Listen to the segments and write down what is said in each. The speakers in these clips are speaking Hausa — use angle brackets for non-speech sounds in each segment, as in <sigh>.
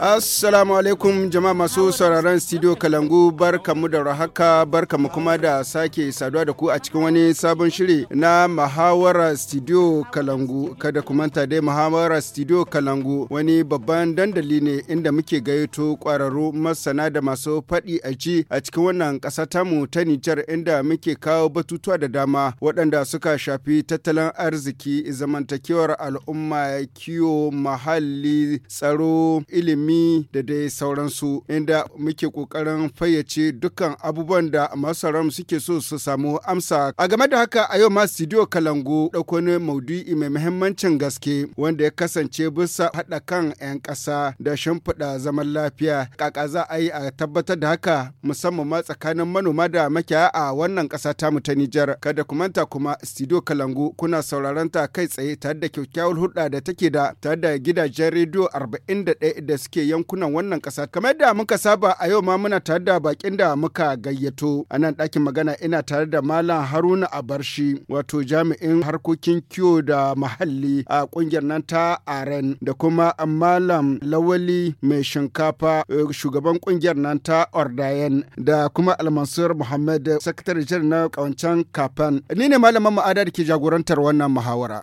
Assalamu alaikum jama'a masu sauraron studio Kalangu barkamu da rahaka barkamu kuma da sake saduwa da ku a cikin wani sabon shiri na Mahawara Studio Kalangu kada ku manta dai Mahawara Studio Kalangu wani babban dandali ne inda muke gayyato kwararru masana da masu faɗi a ci a cikin wannan ƙasa tamu ta Nijar inda muke kawo batutuwa da dama waɗanda suka shafi tattalin arziki zamantakewar al'umma kiwo muhalli tsaro ilimi da dai sauransu inda muke kokarin fayyace dukkan abubuwan da masu suke so su samu amsa a game da haka a yau ma studio kalangu dauko ne maudu'i mai muhimmancin gaske wanda ya kasance bisa hada kan 'yan ƙasa da shimfiɗa zaman lafiya kaka za a yi a tabbatar da haka musamman ma tsakanin manoma da makiyaya a wannan ƙasa tamu ta Nijar kada ku manta kuma studio kalangu kuna sauraron ta kai tsaye tare da kyakkyawar hulɗa da take da tare da gidajen rediyo 41 da suke yankunan wannan ƙasa. Kamar da muka saba a yau ma muna tare da bakin da muka gayyato. A nan ɗakin magana ina tare da Malam Haruna Abarshi wato jami'in harkokin kiwo da muhalli a ƙungiyar nan ta Aren da kuma Malam Lawali mai shinkafa eh, shugaban ƙungiyar nan ta Ordayen da kuma Almansur Muhammad sakatare na kawancan kafan. Ni ne malamin ma'ada da ke jagorantar wannan muhawara.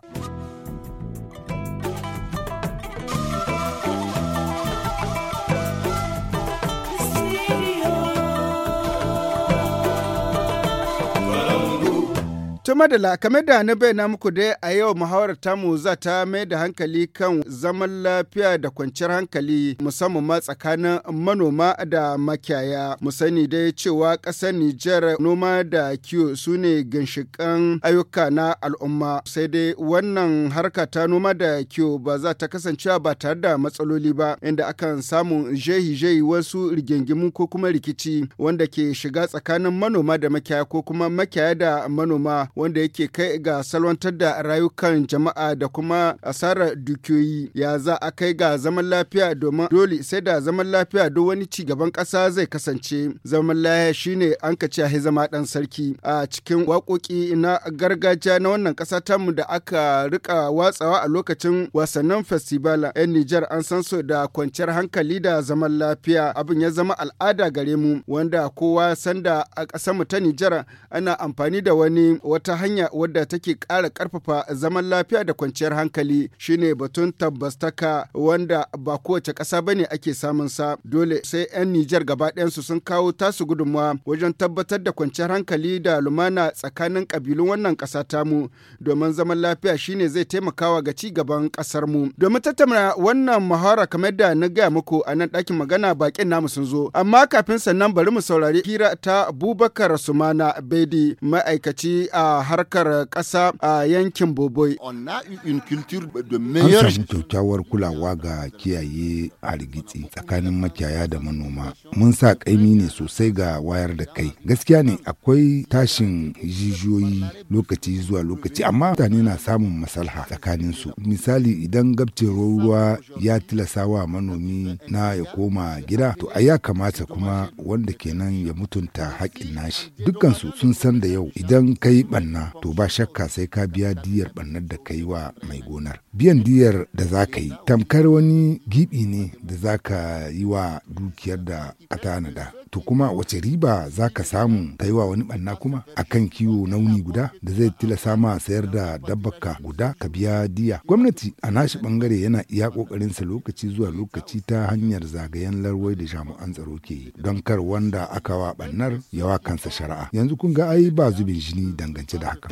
To madala, kamar da na bayyana muku dai a yau muhawar tamu za ta mai da hankali kan zaman lafiya da kwanciyar hankali musamman ma tsakanin manoma da makiyaya. Mu sani dai cewa ƙasar Nijar noma da kiwo su ne ginshiƙan ayyuka na al'umma. Sai dai wannan harka ta noma da kiwo ba za ta kasance ba tare da matsaloli ba inda akan samu jehi-jehi wasu rigingimu ko kuma rikici wanda ke shiga tsakanin manoma da makiyaya ko kuma makiyaya da manoma wanda yake kai ga salwantar da rayukan jama'a da kuma asarar dukiyoyi ya za a kai ga zaman lafiya domin dole sai da zaman lafiya duk wani ci gaban ƙasa zai kasance zaman lafiya shine an ka ci zama ɗan sarki a cikin waƙoƙi na gargajiya na wannan ƙasa tamu da aka rika watsawa a lokacin wasannin festival 'yan Nijar an san so da kwanciyar hankali da zaman lafiya abin ya zama al'ada gare mu wanda kowa sanda a ƙasar mu ta Nijar ana amfani da wani wata wata hanya wadda take ƙara ƙarfafa zaman lafiya da kwanciyar hankali shine batun tabbastaka wanda ba kowace ƙasa ba ne ake samun sa dole sai 'yan Nijar gaba su sun kawo tasu gudunmawa wajen tabbatar da kwanciyar hankali da lumana tsakanin ƙabilun wannan ƙasa tamu domin zaman lafiya shine zai taimakawa ga ci gaban ƙasar mu. Domin tattauna wannan muhawara kamar da na gaya muku a nan ɗakin magana baƙin namu sun zo amma kafin sannan bari mu saurari hira ta Abubakar Sumana Bedi ma'aikaci a a harkar ƙasa a yankin Boboi. An samu kyakkyawar kulawa ga kiyaye hargitsi tsakanin makiyaya da manoma. Mun sa ƙaimi ne sosai ga wayar da kai. Gaskiya ne akwai tashin jijiyoyi lokaci zuwa lokaci amma mutane na samun masalha tsakanin su. Misali idan gabcewar ruwa ya tilasa wa manomi na ya koma gida to a ya kamata kuma wanda kenan ya mutunta haƙƙin nashi. Dukkansu sun san da yau idan kai ɓanna banna to ba shakka sai ka biya diyar bannar da ka yi wa mai gonar biyan diyar da za ka yi tamkar wani gibi ne da za ka yi wa dukiyar da ka tanada to kuma wace riba za ka samu ka yi wa wani banna kuma A kan kiwo nauni guda da zai tilasa ma sayar da dabbaka guda ka biya diya gwamnati a nashi bangare yana iya kokarinsa lokaci zuwa lokaci ta hanyar zagayen larwai da jami'an tsaro ke yi don kar wanda aka wa bannar yawa kansa shari'a yanzu kun ga ai ba zubin jini dangance da haka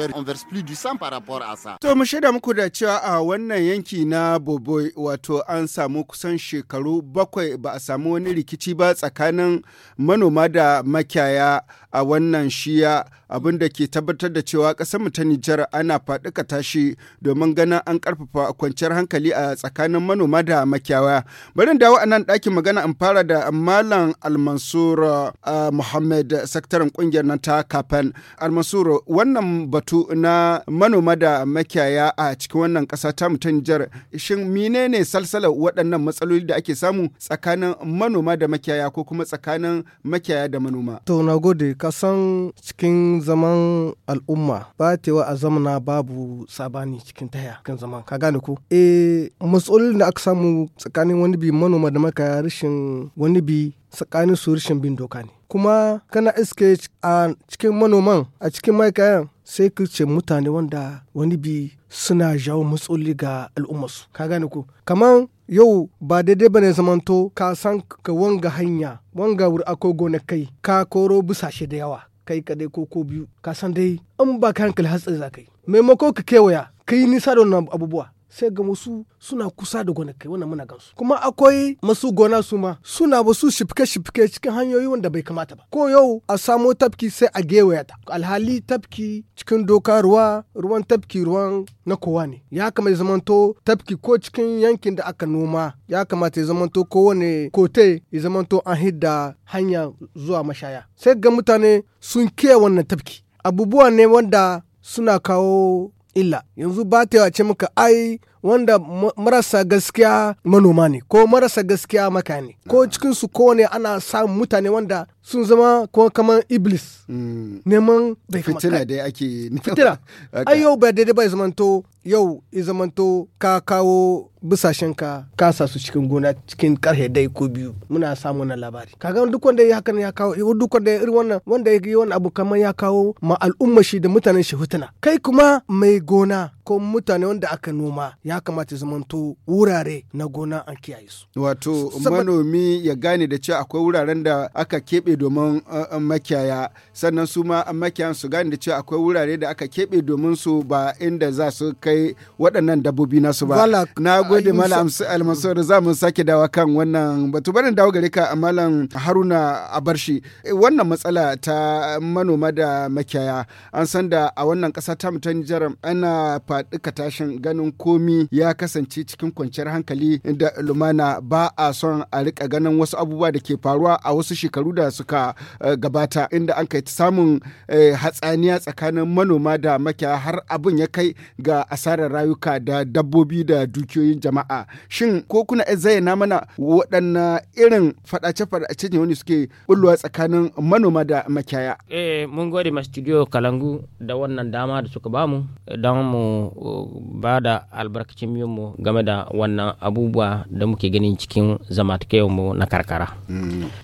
to mu shaida muku da cewa a wannan yanki na boboi wato an samu kusan shekaru bakwai ba a samu wani rikici ba tsakanin manoma da makiyaya a wannan shiya abin da ke tabbatar da cewa ƙasar mu ta Nijar ana faɗuka tashi domin ganin an ƙarfafa kwanciyar hankali a tsakanin manoma da makiyawa. Bari dawo a nan ɗakin magana in fara da Malam Almansur Muhammad sakataren ƙungiyar nan ta Kafen. Almansur wannan batu na manoma da makiyaya a cikin wannan ƙasa ta mu ta Nijar shin menene salsalar waɗannan matsaloli da ake samu tsakanin manoma da makiyaya ko kuma tsakanin makiyaya da manoma? To na kasan cikin zaman al'umma ba tewa a zamana babu sabani cikin taya kan zaman ka gane ko e matsalolin da aka samu tsakanin wani bi manoma da maka rashin wani bi tsakanin su rashin bin doka ne kuma kana iske a cikin manoman a cikin ma'aikayan sai kirce mutane wanda wani bi suna jawo matsaloli ga al'ummarsu ka gane ko kamar yau ba daidai bane zamanto ka san ka wanga hanya wanga wuri akwai gonakai ka koro busashe da yawa kai kaɗai ko ko biyu ka san dai an ba ka hankali hatsari za ka yi maimako ka kewaya ka yi nisa da wannan abubuwa sai ga wasu suna kusa da gonakai wannan muna gansu kuma akwai masu gona su ma suna wasu shifke shifke cikin hanyoyi wanda bai kamata ba ko yau a samo tafki sai a gewaya ta alhali tafki cikin doka ruwa ruwan tafki ruwan na kowa ne ya kamata ya zamanto tafki ko cikin yankin da aka noma ya kamata ya zamanto kowane kote ya zamanto an hidda hanya zuwa mashaya sai ga mutane sun ke wannan tafki abubuwa ne wanda suna kawo illa yanzu ba ta yace muka ai wanda marasa gaskiya manoma ne ko marasa gaskiya maka ne ko cikinsu kowane ana samun mutane wanda sun zama ko kamar iblis mm. neman bai fitila da ake fitina <laughs> ai yau ba daidai bai zamanto yau ya zamanto ka kawo bisashen ka kasa su cikin gona cikin karhe dai ko biyu muna samu na labari kaga duk wanda ya hakan ya kawo duk wanda ya irin wannan wanda ya yi wani abu kamar ya kawo ma al'umma shi da mutanen shi fitina kai kuma mai gona ko mutane wanda aka noma ya kamata zamanto wurare na gona an kiyaye su. Wato manomi ya gane da cewa akwai wuraren da aka keɓe domin uh, uh, makiyaya sannan su ma makiyayan su gane da cewa akwai wurare da aka keɓe domin su ba inda za su kai waɗannan dabbobi nasu ba. Na uh, gode malam almasoro za mu sake dawa kan wannan batu barin dawo gare ka malam haruna a abarshi wannan matsala ta manoma da makiyaya an san da a wannan ƙasa ta mutan ana faɗi tashin ganin komi ya kasance cikin kwanciyar hankali da lumana ba a son a rika ganin wasu abubuwa da ke faruwa a wasu shekaru da suka eh, gabata inda an kai samun eh, hatsaniya tsakanin manoma da makiya har abin ya kai ga asarar rayuka da dabbobi da dukiyoyin jama'a shin ko kuna zayyana mana waɗanne irin faɗace-faɗace ne wani suke bullowa tsakanin manoma da makiyaya eh mun gode ma studio kalangu da wannan dama da suka bamu don mu ba da albarkacin mu game da wannan abubuwa da muke ganin cikin mu na karkara.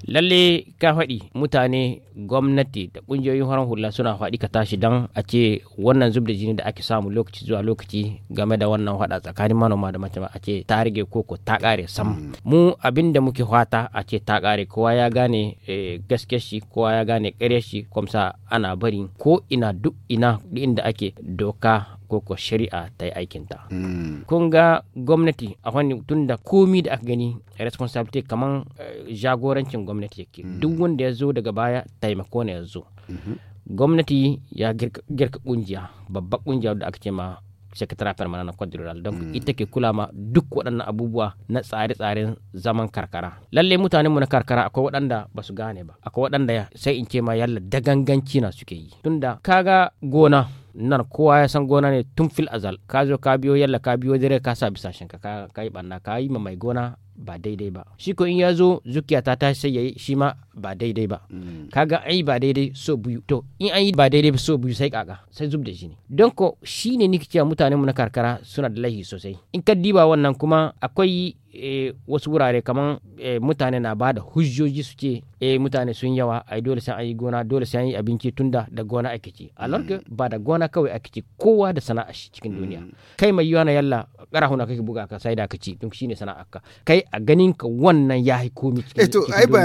Lalle ka faɗi mutane gwamnati da ƙungiyoyin horon hula suna faɗi ka tashi don a ce wannan zub da jini da ake samu lokaci zuwa lokaci game da wannan faɗa tsakanin manoma da mace a ce ta rage koko ta ƙare sam. Mu abin da muke fata a ce ta ƙare kowa ya gane eh, gaske shi kowa ya gane ƙaryar shi kwamsa ana bari ko ina duk ina inda ake doka ko shari'a ta yi aikinta. Hmm. Kun ga gwamnati a wani tun da komi da aka gani responsibility kamar eh, jagorancin gwamnati yake hmm. duk wanda ya zo daga baya taimako ne ya zo. Mhm. Gwamnati ya girka kungiya babba kungiya da aka ce ma secretariat permanent na Côte d'Ivoire donc mm. ita ke kula ma duk waɗannan abubuwa na tsare-tsaren zaman karkara lalle mutanen mu na karkara akwai waɗanda ba su gane ba akwai waɗanda sai in ce ma yalla daganganci na suke yi tunda kaga gona nan kowa ya san gona ne tun fil azal ka zo ka biyo yalla ka biyo dare ka sa bisa shinka ka yi banna ka yi ma mai gona ba daidai ba shi ko in ya zo zukiya ta ta sai ya shi ma ba daidai ba mm. kaga ai ba daidai so biyu to in an yi ba daidai ba so biyu sai kaga sai zub da shi ne don ko ne nake cewa mutanen mu na karkara suna da laihi sosai in ka diba wannan kuma akwai e, wasu wurare kamar e, eh, mutane na ba da hujjoji su ce e, mutane sun yawa ai dole sai an yi gona dole sai an yi abinci tunda da gona ake ci a lorke mm. ba da gona kawai ake ci kowa da sana'a shi cikin duniya mm. kai mai yiwa na yalla karahuna kake buga ka sai da ka ci don ne sana'a ka kai a ganin ka wannan ya yi komi cikin to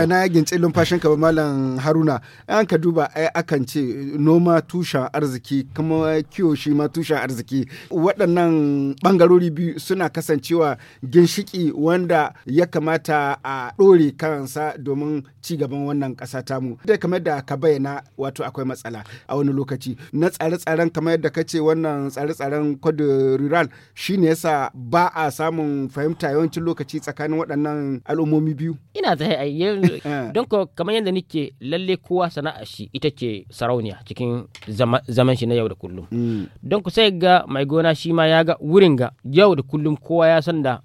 ya gince numfashin ka malam haruna an ka duba ai akan ce noma tushen arziki kuma kiwo shi ma tushen arziki waɗannan bangarori biyu suna kasancewa ginshiki wanda ya kamata a ɗore kansa domin ci gaban wannan ƙasa tamu da kamar da ka bayyana wato akwai matsala a wani lokaci na tsare-tsaren kamar yadda ka ce wannan tsare-tsaren kwado rural ne yasa ba a samun fahimta yawancin lokaci tsakanin waɗannan al'ummomi biyu ina ayyar <laughs> eh. don ko kamar yadda nike lalle kowa sana'a shi ita ce sarauniya cikin zaman shi na yau da kullum mm. don ku sai ga mai gona shi ma ya ga wurin ga yau da kullum kowa ya san da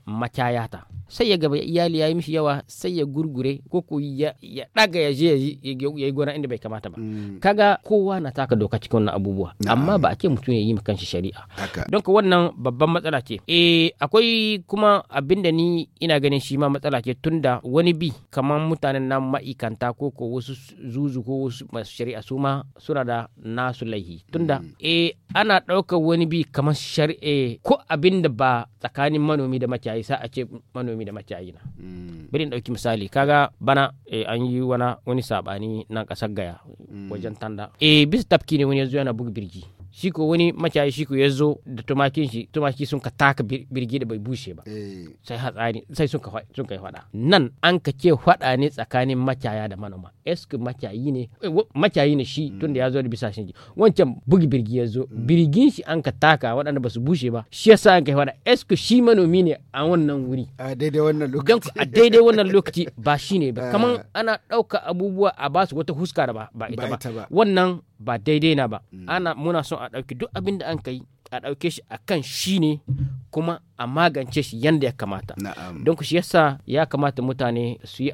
ta. sai ya gaba iyali ya yi mishi yawa sai ya gurgure ko ko ya daga ya je ya yi gona inda bai kamata ba mm. kaga kowa na taka doka cikin wannan abubuwa amma ba a ce mutum ya yi shi shari'a don ka wannan babban matsala ce E akwai kuma abin da ni ina ganin shi ma matsala ce tunda wani bi kamar mutanen nan ma'ikanta ko ko wasu zuzu ko wasu masu shari'a su ma suna da nasu laihi tunda e ana ɗaukar wani bi kamar shari'a eh, ko abin da ba tsakanin manomi da makiyayi sa a ce manomi manomi da a yina mm. bari ɗauki misali kaga bana eh, an yi wani sabani nan ƙasar gaya mm. wajen tanda eh bisa tafki ne wani ya yana buga birgi shi ko wani makiyayi shi ko ya zo da tumakin shi tumaki sun ka taka birgi da bai bushe ba eh. sai hatsari sai sun ka sun kai fada nan an ka ce fada ne tsakanin makiyaya da manoma eske macayi ne eh, macayi ne shi mm. tunda ya zo da bisa shi wancan bugi birgi ya zo mm. birgin shi an ka taka waɗanda ba su bushe ba shi yasa an kai fada eske shi manomi ne a wannan wuri a daidai wannan lokaci a daidai wannan lokaci <laughs> ba shi ne ba kaman ah. ana ɗauka abubuwa a basu wata huska da ba ita ba wannan ba daidai na ba mm. ana muna son a ɗauki duk abin da an kai a ɗauke shi a kan shi ne kuma a magance shi yadda ya kamata don shi yasa ya kamata mutane su yi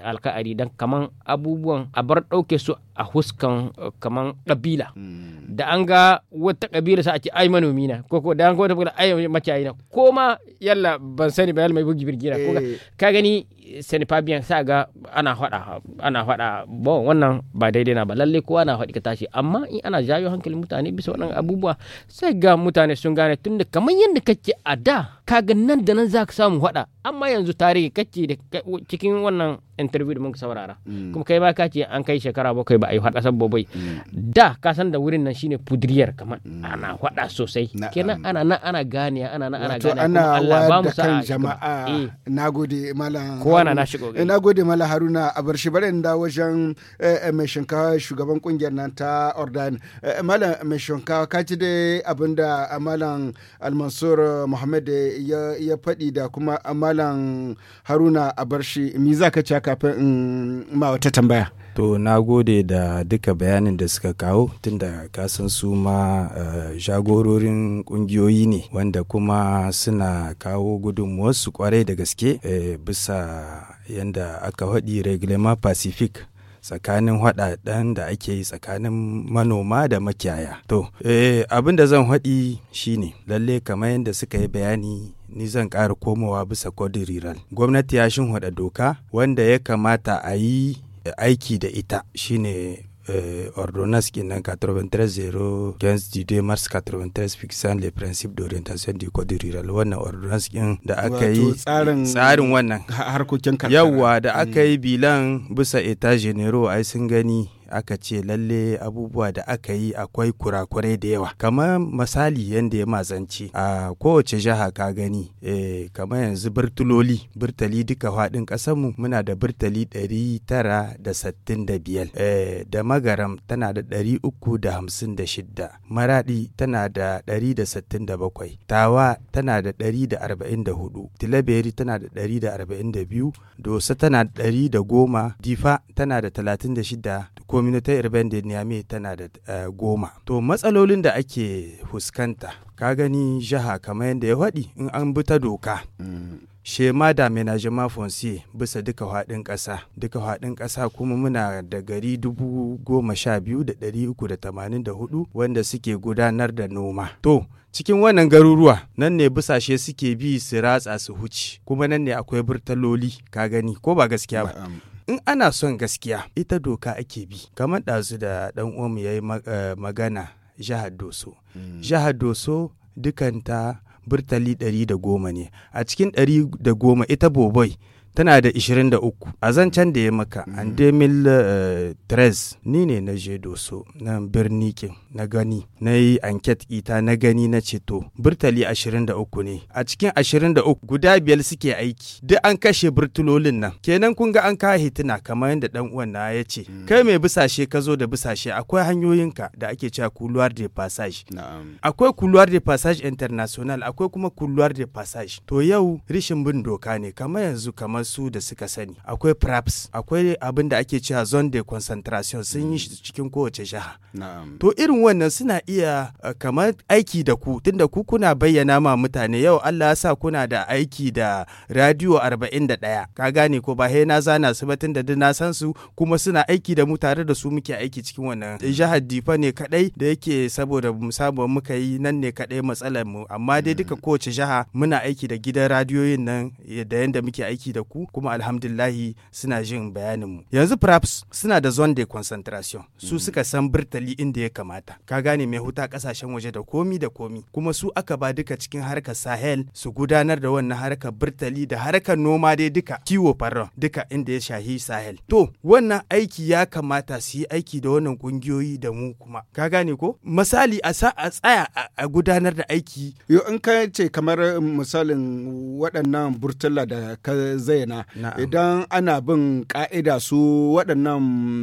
alka'ari don kaman abubuwan a bar ɗauke su a huskan eh, kaman ƙabila mm. da an ga wata ƙabila sa a ce ai manomi na ko ko da an ga wata ƙabila ai na ko ma yalla ban sani ba yalla mai bugi birgira ko eh. ka gani senipa biyan sa ga ana faɗa ana faɗa bon wannan ba daidai na ba lalle kowa na faɗi ka tashi amma in ana jayo hankalin mutane bisa wannan abubuwa sai ga mutane sun gane tunda kamar yadda kake a da kaga nan da nan za ka samu faɗa amma yanzu tarihi kake da cikin wannan interview da muka saurara mm. kuma kai ba ka ce an kai shekara bakwai ba a yi hada bai mm. da ka san da wurin nan shine pudriyar kamar mm. ana hada sosai kenan ana nan ana gane ana nan ana gane ana wa da kan jama'a eh. nagode malam kowa na shigo kokari eh, nagode malam haruna a bar shi bare da wajen eh, mai shugaban kungiyar nan ta ordan malam mai shinkawa ka ci dai abinda malam almansur muhammad ya faɗi da kuma malam haruna a bar shi mi za ka ci kafin in ma wata tambaya to na gode da duka bayanin da suka kawo tunda kasan su ma eh, jagororin kungiyoyi ne wanda kuma suna kawo gudunmuwarsu kwarai da gaske eh, bisa yadda aka haɗi reglement pacific tsakanin haɗaɗen da ake yi tsakanin manoma da makiyaya. To, eh, abin da zan haɗi shi ne. lalle kamar yadda suka yi bayani ni zan ƙara komowa bisa kodin rural. Gwamnati ya shin doka wanda ya kamata a yi aiki da ita shine Euh, ordonnance qui est en 93 015 du 2 mars 93 fixant les principes d'orientation du code rural wannan ordonnance din est aka yi tsarin wannan harkokin yawa da mm. bilan bisa état généraux ai sun aka ce lalle abubuwa da aka yi akwai kurakurai da yawa kamar misali yadda ya mazanci a kowace jiha ka gani e, kamar yanzu birtuloli birtali duka faɗin ƙasarmu muna da birtali 965 e, eh, da magaram tana da 356 maradi tana da 167 tawa tana da 144 tilaberi tana da 142 dosa tana da 110 difa tana da 36 community urban da tana da eh, goma to matsalolin da ake fuskanta ka gani jiha kamar yadda ya faɗi in an bi ta doka shema da menajima fonsiye bisa duka haɗin ƙasa duka haɗin ƙasa kuma muna da gari dubu goma sha biyu da ɗari uku da tamanin da hudu wanda suke gudanar da noma to cikin wannan garuruwa nan ne busashe suke bi su ratsa su huci kuma nan ne akwai burtaloli ka gani ko ba gaskiya ba in ana son gaskiya ita doka ake bi kamar ɗazu da ɗan uwanmu ya yi eh, magana jihar doso mm. jihar doso dukanta burtali ɗari da goma ne a cikin ɗari da goma ita boboi tana da 23 a zancen da ya maka mhm. an 2013 ni ne na je doso na birnikin na gani na yi anket ita na gani na ceto burtali 23 ne a cikin 23 guda biyar suke aiki duk an kashe burtulolin nan kenan kun ga an kawo hituna kamar yadda dan uwan na ya ce mhm. kai mai bisashe ka zo da bisashe akwai hanyoyinka da ake cewa couloir de passage akwai couloir de passage international akwai kuma couloir de passage to yau rishin bin doka ne kamar yanzu kamar su da suka sani akwai praps akwai abin da ake cewa zone de concentration sun yi shi cikin kowace jiha to irin wannan suna iya eh, kamar aiki da ku tunda ku kuna bayyana ma mutane yau Allah ya sa kuna da aiki da radio 41 ka gane ko ba he na zana su ba tunda duk na san su kuma suna aiki da mu tare da su muke aiki cikin wannan eh, jihar Difa ne kadai da yake saboda mu saba muka yi nan ne kadai matsalar mu amma dai duka mm. kowace jiha muna aiki da gidan radiyoyin nan eh, da yanda muke aiki da ku ku kuma alhamdulillahi suna jin bayanin mu yanzu perhaps suna da zone de concentration su mm. suka san birtali inda ya kamata ka gane mai huta kasashen waje da komi da komi kuma su aka ba duka cikin harkar sahel su gudanar da wannan harkar birtali da harkar noma dai duka kiwo farra duka inda ya shahi sahel to wannan aiki ya kamata su yi aiki da wannan kungiyoyi da mu kuma ka gane ko misali a sa a tsaya a gudanar da aiki yo in ka ce kamar misalin waɗannan burtala da ka zai bayyana idan ana bin ka'ida su waɗannan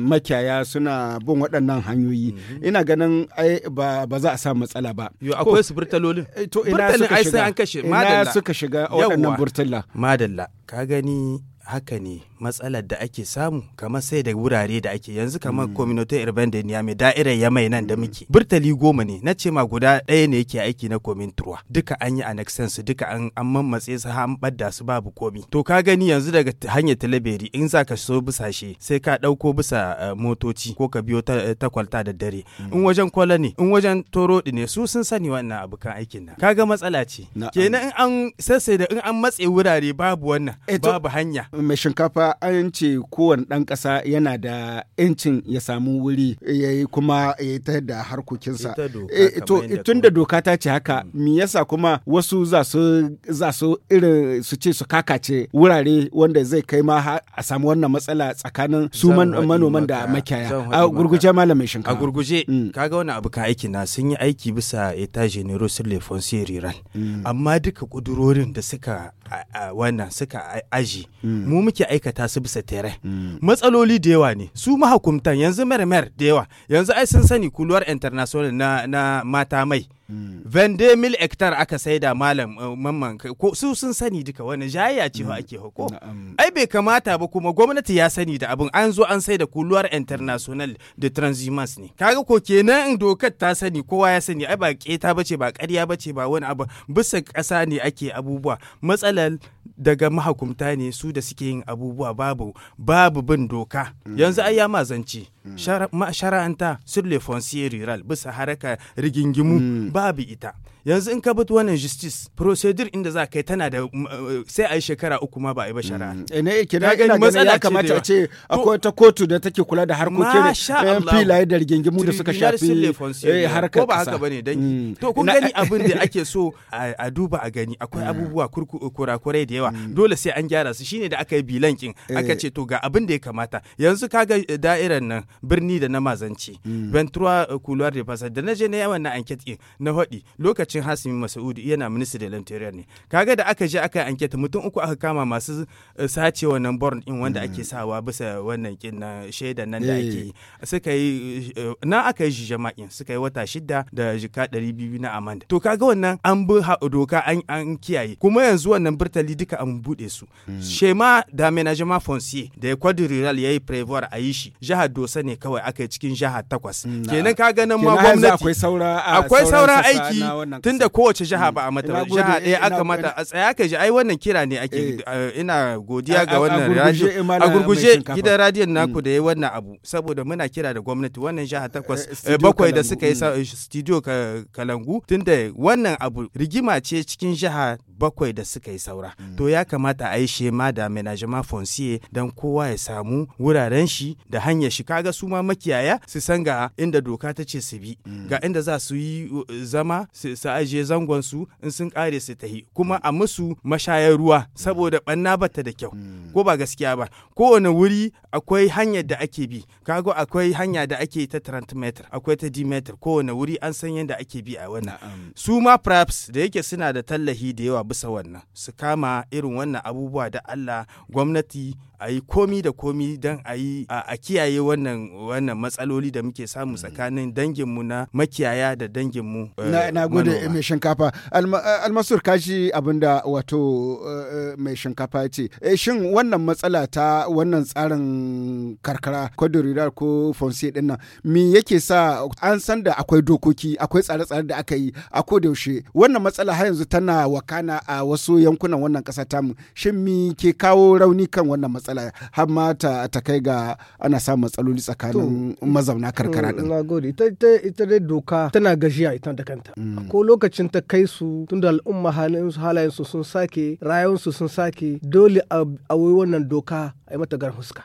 makiyaya suna bin waɗannan hanyoyi mhm. ina ganin ai ba za a samu matsala ba yo akwai su burtalolin eh, to ina suka shiga ina suka shiga waɗannan burtalla madalla ka gani haka ne matsalar da ake samu kamar sai da wurare da ake yanzu kamar mm. community urban da niyame ya mai nan da mm. muke burtali goma ne na ce ma guda ɗaya ne yake aiki na komin turwa duka an yi annexen su duka an an mammatse su an badda su babu komi to ka gani yanzu daga hanyar talabiri in za ka so busashe sai ka ɗauko bisa eh, motoci ko ka biyo ta eh, da dare mm. in wajen kwala ne in wajen torodi ne su sun sani wannan abu kan aikin nan kaga matsala ce kenan in an sassai da in an matse wurare babu wannan eh, babu hanya mai shinkafa an ce kowane ɗan ƙasa yana da 'yancin ya samu wuri ya yi kuma ya yi ta da harkokinsa. Eh, tun da doka ta ce haka, mi mm. yasa kuma wasu za su irin su ce su kakace wurare wanda zai kai ma a samu wannan matsala tsakanin su manoman da makiyaya. A gurguje malam mai shinkafa. A gurguje, mm. kaga wani abu ka aiki na sun yi aiki bisa eta genero sur le foncier rural. Mm. Amma duka kudurorin da suka wannan suka aji mu muke aikata su bisa tere matsaloli da yawa ne su mahakumtan yanzu mermer da yawa yanzu ai sun sani kuluwar international na, na mata mai Mm. vende mil hektar aka saida malam eh, mamman ko su sun sani duka wani jayayya ce mm. ake hako ai bai kamata ba kuma gwamnati ya sani da abin an zo an saida kuluwar international da transhumans ne kaga ko kenan dokar ta sani kowa ya sani ai ba keta bace ba ƙarya bace ba wani abu bisa ƙasa ne ake abubuwa matsalar daga mahakumta ne su da suke yin abubuwa babu babu bin doka mm. yanzu ai ya mazanci shara, ma shara'anta sur le foncier rural bisa haraka rigingimu babu ita yanzu in ka bi wannan justice procedure inda za ka yi tana da eh, sai a yi shekara uku ma ba a yi ba shara. ina mm. eh, kira ina ganin ya kamata a ce akwai ta kotu da take kula da harkokin yan filaye da rigingimu da suka shafi eh, harkar ko ba haka bane dan mm. to kun gani abin da ake so <laughs> a duba a gani akwai mm. abubuwa kurakurai da yawa dole sai an gyara su shine da aka yi bilankin aka ce to ga abin da ya kamata yanzu kaga da'irar nan birni da na mazanci ventura couloir de passage da na je na yawan na enquete na hodi lokaci. lokacin Hasimi Masaudi yana minista da interior ne kaga da aka je aka yi anketa mutum uku aka kama masu sace wannan born in wanda ake mm. sawa bisa wannan kin na shaida nan da eh. ake yi suka yi eh, na aka yi jama'in suka yi wata shida da jika ɗari biyu na amanda to kaga wannan an bi doka an kiyaye kuma yanzu wannan birtali duka an buɗe su mm. shema da menajema foncier da ya kwadi rural ya yi prevoir a yi shi jihar dosa ne kawai aka yi cikin jihar takwas mm, kenan ka ganin ma gwamnati akwai saura aiki tun da kowace jiha ba a mata ba jiha ɗaya eh, aka mata a tsaya ka ji ai wannan kira ne ake eh. Eh, ina godiya ga wannan radio a gurguje gidan radiyon naku hmm. da yi wannan abu saboda muna kira da gwamnati wannan jiha takwas bakwai da suka yi hmm. studio kalangu tun da wannan abu rigima ce cikin jiha bakwai da suka yi saura hmm. to ya kamata a yi shema da menajima fonsiye don kowa ya samu wuraren shi da hanyar shi kaga su ma makiyaya su san ga inda doka ta ce su bi ga inda za su yi zama su ajiye zangon su in sun kare su tahi kuma a musu mashayar ruwa saboda banna bata da kyau hmm. ko ba gaskiya ba kowane wuri akwai hanyar da ake bi kago akwai hanya da ake ta transmitter akwai ta dimeter meter kowane wuri an san yadda ake bi a wannan su ma da yake suna da tallahi da yawa bisa wannan su kama irin wannan abubuwa da Allah gwamnati a yi komi da komi don a yi a kiyaye wannan wannan matsaloli da muke samu hmm. tsakanin danginmu na makiyaya da danginmu eh, na gode Eh, mai shinkafa eh, almasur kaji abinda wato eh, mai shinkafa ce shin wannan matsala ta wannan tsarin karkara kwadorirar ko fonse din nan me yake sa an san da akwai dokoki akwai tsare-tsare da aka yi a yaushe wannan matsala har yanzu tana wakana a wasu yankunan wannan kasa tamu shin me ke kawo rauni kan wannan matsala har ma ta kai ga ana samun matsaloli tsakanin mazauna karkara din ita dai doka tana gajiya ita da kanta mm. lokacin ta kai su tunda al'umma halayensu sun sake rayuwarsu sun sake dole a wannan doka a yi mata garin huska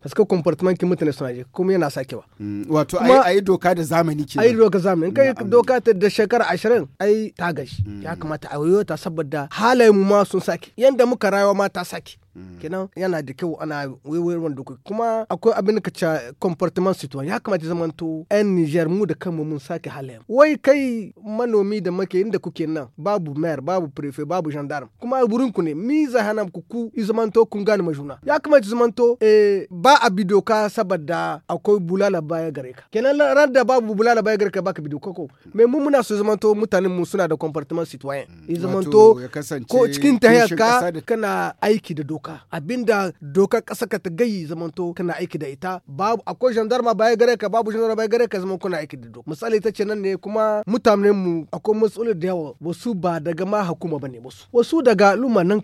haska mm. comportment kin mutane suna je kuma yana sakewa mm. wato a yi doka da zamani ke a yi doka zamani kai doka ta da shekara ashirin ai ta gashi mm. ya kamata a wayo ta saboda halayen mu ma sun sake yanda muka rayuwa ma ta sake kenan yana da kyau ana waiwayar dokoki kuma akwai abin ka ce comportement citoyen ya kamata zaman to yan Niger mu da kanmu mun sake halayen wai kai manomi da muke inda kuke nan babu mayor babu prefect babu gendarme kuma a wurin ku ne mi za hana ku ku zaman to kun gane majuna ya kuma zumanto eh, ba a bi doka saboda akwai bulala baya gare ka kenan ran da babu bulala baya gare ka baka bi doka ko me mun muna so zumanto mutanen mu suna da comportement citoyen ya zumanto ko cikin tahiyar ka kana aiki da doka abinda doka kasa ka ta gayi zamanto kana aiki da ita babu akwai gendarme baya gare ka babu gendarme baya gare ka zama kana aiki da doka misali ta ce nan ne kuma mutanen mu akwai matsaloli da yawa wasu ba daga ma hukuma bane wasu wasu daga lumanan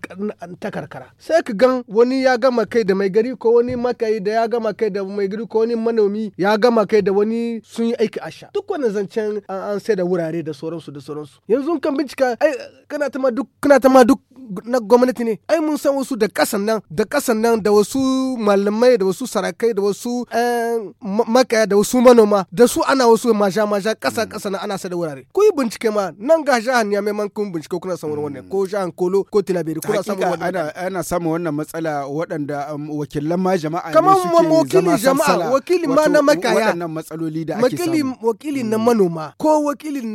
ta karkara sai ka gan wani ya gama kai da mai gari ko wani makayi da ya gama kai da mai gari ko wani manomi ya gama kai da wani sun yi aiki asha duk wannan zancen an sai da wurare da sauransu da sauransu yanzu kan bincika ai kana ta ma duk kana ta ma duk na gwamnati ne ai mun san wasu da kasan nan da kasan nan da wasu malamai da wasu sarakai da wasu eh, makaya da wasu manoma da su ana wasu maja maja kasa kasa na ana sada wurare ku yi bincike ma nan ga jihar ne mai kun bincike kuna samun wannan mm. ko jihar kolo ko tilabiri kuna samun wannan ana ana samun wannan matsala waɗanda um, wakilan ma jama'a kamar wakilin jama'a wakili ma na makaya waɗannan matsaloli da ake samu wakili na mm. manoma ko wakilin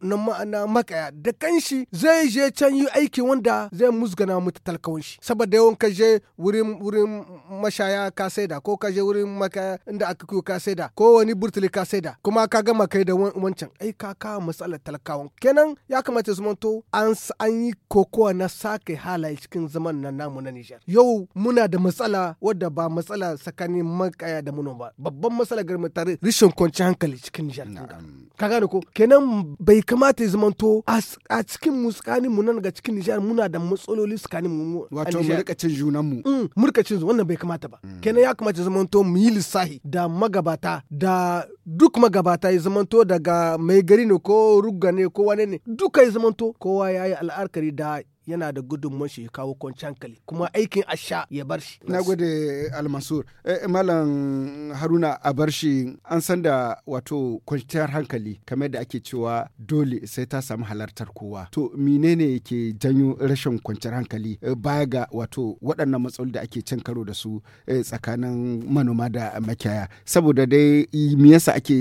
na makaya da kanshi zai je can yi aiki wanda zai musgana mata talkawan shi saboda yawan ka je wurin wurin mashaya ka saida ko ka je wurin maka inda aka kiyo ka saida ko wani burtuli ka saida kuma ka gama kai da wancan ai ka ka matsalar talakawan kenan ya kamata su manto an an yi kokowa na sake halaye cikin zaman nan namu na Niger yau muna da matsala wadda ba matsala tsakanin makaya da manoma babban matsala garma tare rishin kwanci hankali cikin Niger ka gane ko kenan bai kamata ya zamanto a cikin mu mu nan ga cikin Nijar muna da da matsaloli tsakanin mu wato mu rika cin junan mu mm, mu rika cin wannan bai kamata ba mm. kenan ya kamata zaman to mu yi lissahi da magabata da duk magabata ya zamanto daga mai gari ne ko rugga ne ko wane ne duka ya zamanto kowa ya yi al'arkari da yana da gudunmuwan shi ya kawo kwanciyar hankali kuma aikin asha ya bar shi. Na gode eh, eh, Malam Haruna a bar shi an san da wato kwanciyar hankali kamar da ake cewa dole sai ta samu halartar kowa. To menene ke janyo rashin kwanciyar hankali eh, baya ga wato waɗannan matsaloli da ake cin karo da su tsakanin manoma da makiyaya saboda dai me yasa ake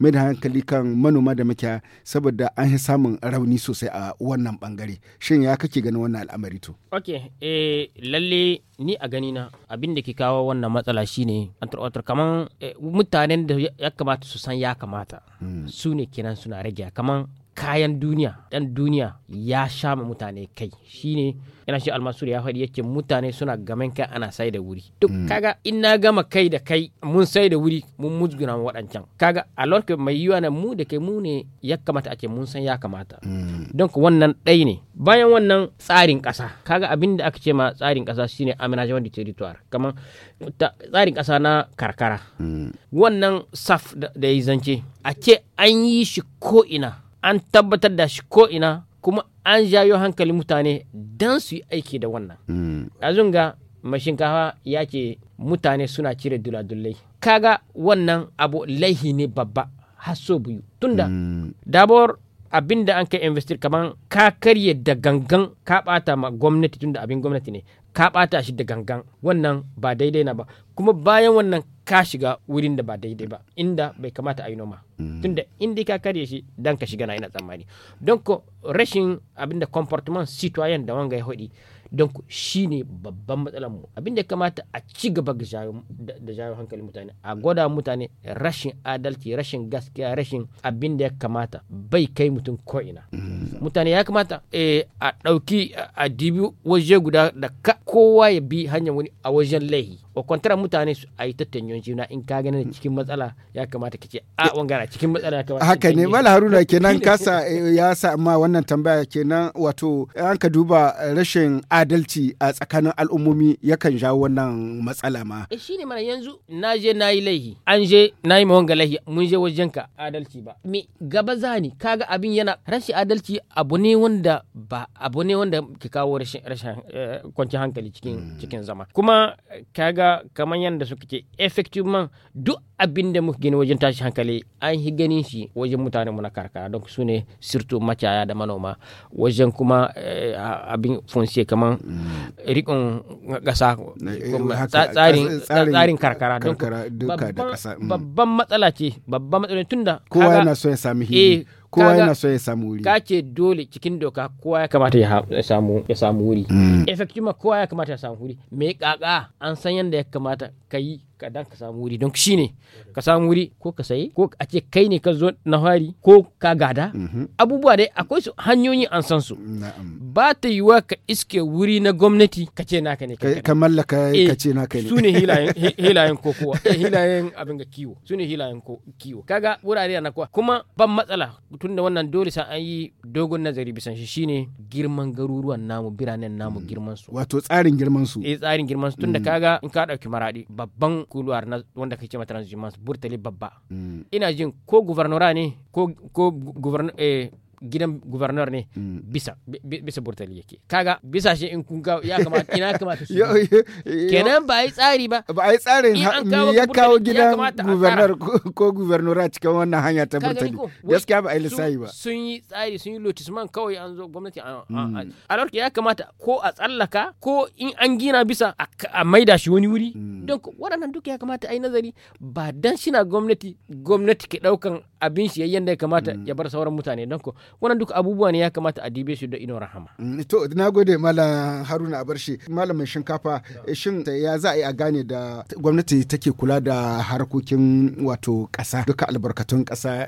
mai da hankali kan manoma da makiyaya saboda an samun rauni sosai a wannan bangare. Shin ya kake ganin wannan al'amari to ok eh, lalle ni a ganina abin da ke kawo wannan matsala shine antar kaman eh, mutanen da ya kamata su san ya kamata hmm. su ne kenan suna rage kamar kayan duniya dan duniya ya sha ma mutane kai shine yana shi almasur ya faɗi yake mutane suna gamen kai ana sai da wuri duk mm. kaga in na gama kai da kai mun sai da wuri mun musguna ma waɗancan kaga a lokacin mai yiwa na mu da kai mu ne ya kamata ake mun san ya kamata mm. don wannan ɗai ne bayan wannan tsarin ƙasa kaga abin da aka ce ma tsarin ƙasa shine aménagement du territoire kamar tsarin ƙasa na karkara mm. wannan saf da ya zance a ce an yi shi ko ina an tabbatar da shi ko ina kuma an jayo hankali mutane don su yi aiki da wannan hmm. a zunga mashinkafa ya ce mutane suna cire duladulai kaga wannan abu laihi ne babba haso biyu tunda hmm. dabor abin da an kai investir kaman ka karye da gangan ka bata ma gwamnati tunda abin gwamnati ne ka bata shi da gangan wannan ba daidai na ba kuma bayan wannan ka shiga wurin da ba daidai ba inda bai kamata a yi noma mm. tunda inda ka karya shi dan ka shiga na ina tsammani don ko rashin abinda comportement citoyen da wanga ya hudi don ko shi ne babban matsalar mu abin kamata a ci gaba da jayo hankalin mutane a gwada mutane rashin adalci rashin gaskiya rashin abinda ya kamata bai kai mutum ko'ina mm. mutane ya kamata eh, a ɗauki a dibi waje guda da kowa ya bi hanyar wani a wajen laihi wa kwantar mutane su a yi tattanyon juna in ka gani cikin matsala ya kamata ka ce a wangana cikin matsala ya kamata haka ne mala haruna <laughs> kenan kasa eh, ya sa ma wannan tambaya kenan wato an ka duba rashin adalci a tsakanin al'ummomi yakan jawo wannan matsala ma e shine mana yanzu na je na yi laihi an je na yi mawanga laihi mun je wajen ka adalci ba me gaba zani kaga abin yana rashin adalci abu ne wanda ba abu ne wanda ke kawo rashin rashin eh, kwanciyar hankali cikin hmm. cikin zama kuma kaga kamar yadda suka ce effectivement duk abin da muka gani wajen tashi hankali an yi gani shi wajen mutane mu na karkara don su ne sirtu macaya da manoma wajen kuma eh, abin fonse kamar mm. rikon kasa eh, eh, tsarin karkara mm. babban matsala ce babban matsala tunda kowa yana so ya sami hili kowa yana so ya samu wuri ka ce dole cikin doka kowa ya kamata ya samu ya samu wuri mm. effectively kowa ya kamata ya samu wuri me kaka an san yanda ya kamata ka yi ka dan ka samu wuri don shi ne ka samu wuri ko ka saye ko a ce kai ne ka zo na fari ko ka gada mhm. abubuwa dai akwai su hanyoyi an san su ba ta yiwa ka iske wuri na gwamnati ka ce naka ne ka mallaka ka eh, ce naka ne su ne hilayen <laughs> kokowa eh, hilayen abin ga kiwo su ne hilayen kiwo kaga wurare na kowa kuma ban matsala tun da wannan dole sai an yi dogon nazari bisan shi shine girman garuruwan namu biranen namu mm. girman su wato tsarin girman su eh tsarin girman su tunda mm. kaga in ka dauki maradi babban kuluwar na wanda kake ma transhumance burtali babba mm. ina jin ko guvernora ne ko ko eh, gidan gubernar ne mm. bisa bisa burtali yake kaga bisa shi in kun ya kamata ina kamata su <laughs> kenan ba yi tsari ba ba yi tsarin ya kawo gidan gubernar ko a cikin wannan hanya ta burtali gaskiya ba a yi lissafi ba sun yi tsari sun yi lotisman kawai an zo gwamnati a lorki mm. ya kamata ko a tsallaka ko in an gina bisa a maida shi wani wuri mm. don waɗannan duka ya kamata a yi nazari ba dan na gwamnati gwamnati ke ɗaukan abin shi yadda ya kamata ya bar sauran mutane don ko wannan duk abubuwa ne ya kamata a dibe su da ino rahama mm, to na gode malam haruna abarshi malamin shinkafa eh, shin eh, ya za a yi a gane da gwamnati take kula da harkokin wato ƙasa duka albarkatun ƙasa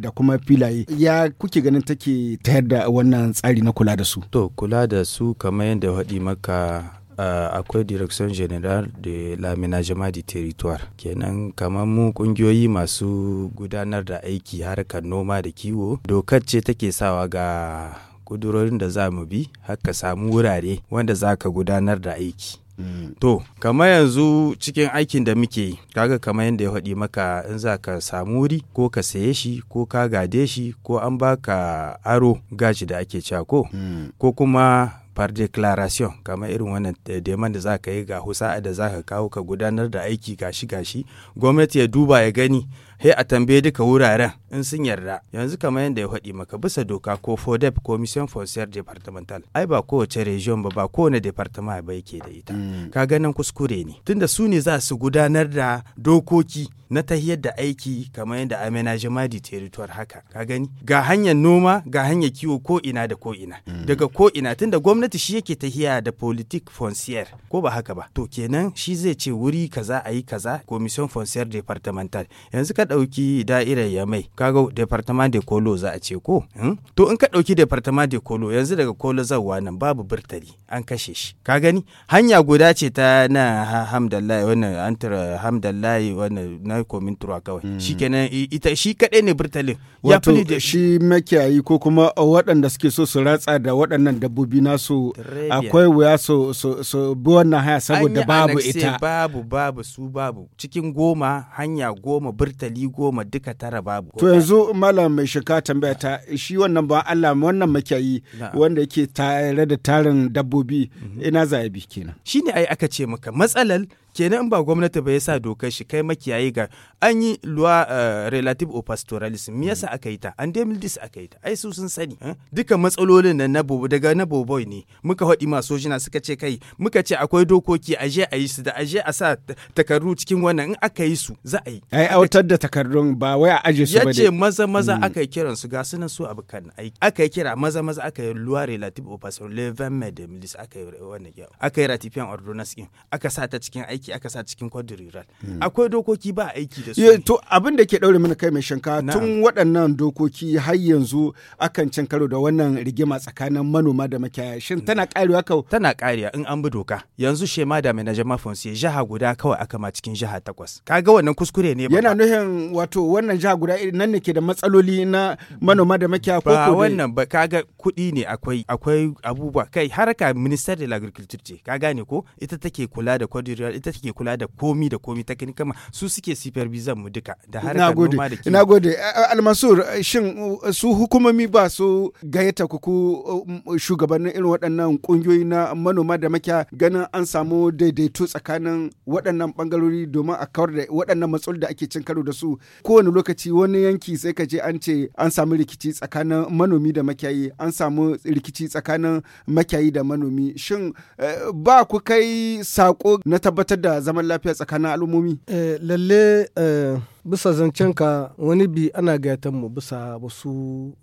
da kuma filaye ya kuke ganin take tayar da wannan tsari na kula da su to kula da su kamar yadda haɗi maka uh, akwai direction general de l'aménagement du territoire kenan kamar mu kungiyoyi masu gudanar da aiki harkar noma da kiwo dokar ce take sawa ga kudurorin da za mu bi haka samu wurare wanda za ka gudanar da aiki Mm. To, kamar yanzu cikin aikin da muke yi, kaga kamar yadda ya faɗi maka in za ka samu wuri ko ka saye shi ko ka gade shi ko an baka aro gashi da ake cako mm. ko kuma par declaration kamar irin wannan deman da za ka yi ga sa'a da za ka kawo ka gudanar da aiki gashi gashi gwamnati ya duba ya gani he a tambaye duka wuraren in sun yarda yanzu kamar yadda ya faɗi maka bisa doka ko fodep ko mission foncier departemental ai ba kowace region ba ba kowane departement ba yake da ita mm. ka ganin kuskure ne tunda su ne za su gudanar da dokoki na tahiyar da aiki kamar yadda amenajima di territoire haka ka gani ga hanyar noma ga hanyar kiwo ko ina da ko ina mm. daga ko ina tunda gwamnati shi yake tahiya da politique foncier ko ba haka ba to kenan shi zai ce wuri kaza a yi kaza commission foncier departemental yanzu ka ɗauki da'irar yamai ka kaga departement de kolo za a ce ko hmm? to in ka ɗauki departement de kolo yanzu daga kolo zawa nan babu birtali an kashe shi ka gani hanya guda ce ta na hamdallahi wannan antara hamdallahi wannan na komin turwa kawai hmm. kenan ita shi kadai ne birtalin ya fili da shi makiyayi ko kuma waɗanda suke so su ratsa da waɗannan dabbobi nasu akwai wuya su su bi wannan haya saboda babu ita babu babu su babu cikin goma hanya goma birtali goma duka tara babu to yanzu malam mai shika tambaya ta shi wannan ba Allah wannan makiyayi wanda yake tare da tarin dabbobi mhm. ina bi kenan shine ai aka ce maka matsalar kenan in ba gwamnati ba ya sa dokar shi kai makiyayi ga an yi luwa eh, relative o pastoralism me yasa aka yi ta an demildis aka yi ta ai su sun sani eh? duka matsalolin nan na bobo daga na boboy ne muka haɗi masu jina suka ce kai muka ce akwai dokoki a je a yi su da a je a sa takardu cikin wannan in aka yi su za a yi yi autar da takardun ba wai a aje su ba ce maza maza hmm. aka yi kiran su ga sunan su abukan aiki aka yi kira maza maza aka yi luwa relative o pastoralism leven medemlis aka yi wannan aka yi ratifiyan ordonance aka sa ta cikin aiki aiki aka sa cikin kwadirural hmm. akwai dokoki ba aiki da su to abin da ke daure mana kai mai shanka tun waɗannan dokoki har yanzu akan cin karo da wannan rigima tsakanin manoma da makiyaya shin tana karewa hmm. ka tana karewa in an bi doka yanzu shema da mai najama fonse jaha guda kawai aka ma cikin jaha takwas kaga wannan kuskure ne ba yana nuhin wato wannan jaha guda nan ne ke da matsaloli na manoma da makiyaya ko ba wannan ba kaga kuɗi ne akwai akwai abubuwa kai haraka minister de agriculture ce ka gane ko ita take kula da quadrilateral ita take kula da komi da komi ta kama su suke bizan mu duka da har noma da kiwo nagode almasur shin uh, su hukumomi ba su gayyata ku um, shugabannin irin waɗannan kungiyoyi na manoma da makiya ganin an samu daidaito tsakanin waɗannan bangarori domin a kawar da waɗannan matsaloli da ake cin karo da su kowane lokaci wani yanki sai ka je an ce an samu rikici tsakanin manomi da makiyayi an samu rikici tsakanin makiyayi da manomi shin uh, ba ku kai sako na tabbatar da zaman lafiya tsakanin al'ummomi? Eh, lalle eh, bisa ka wani bi ana gayatan mu bisa wasu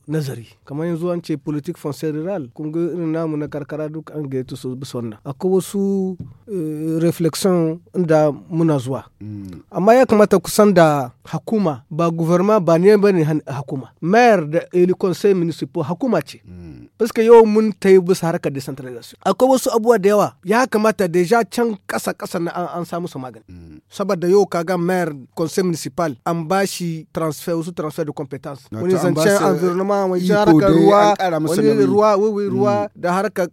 nazari kamar yanzu an ce politik français rural irin namu na karkara duk an gayato su bisa wannan akwai wasu eh, reflexion inda muna zuwa mm. amma ya kamata kusan da hakuma ba guverma ba ne ba bane hakuma mayor da eli conseil municipal hakuma ce mm. parce que yau mun ta tayi bisa harkar decentralization akwai wasu abubuwa da yawa ya kamata deja can kasa kasa na an samu su magani mm. sabada yau kaga maire conseil municipal an ba shi transfer wasu transfer da competence wani zancen environment wani harkar ruwa wani ruwa wai mm. ruwa da haraka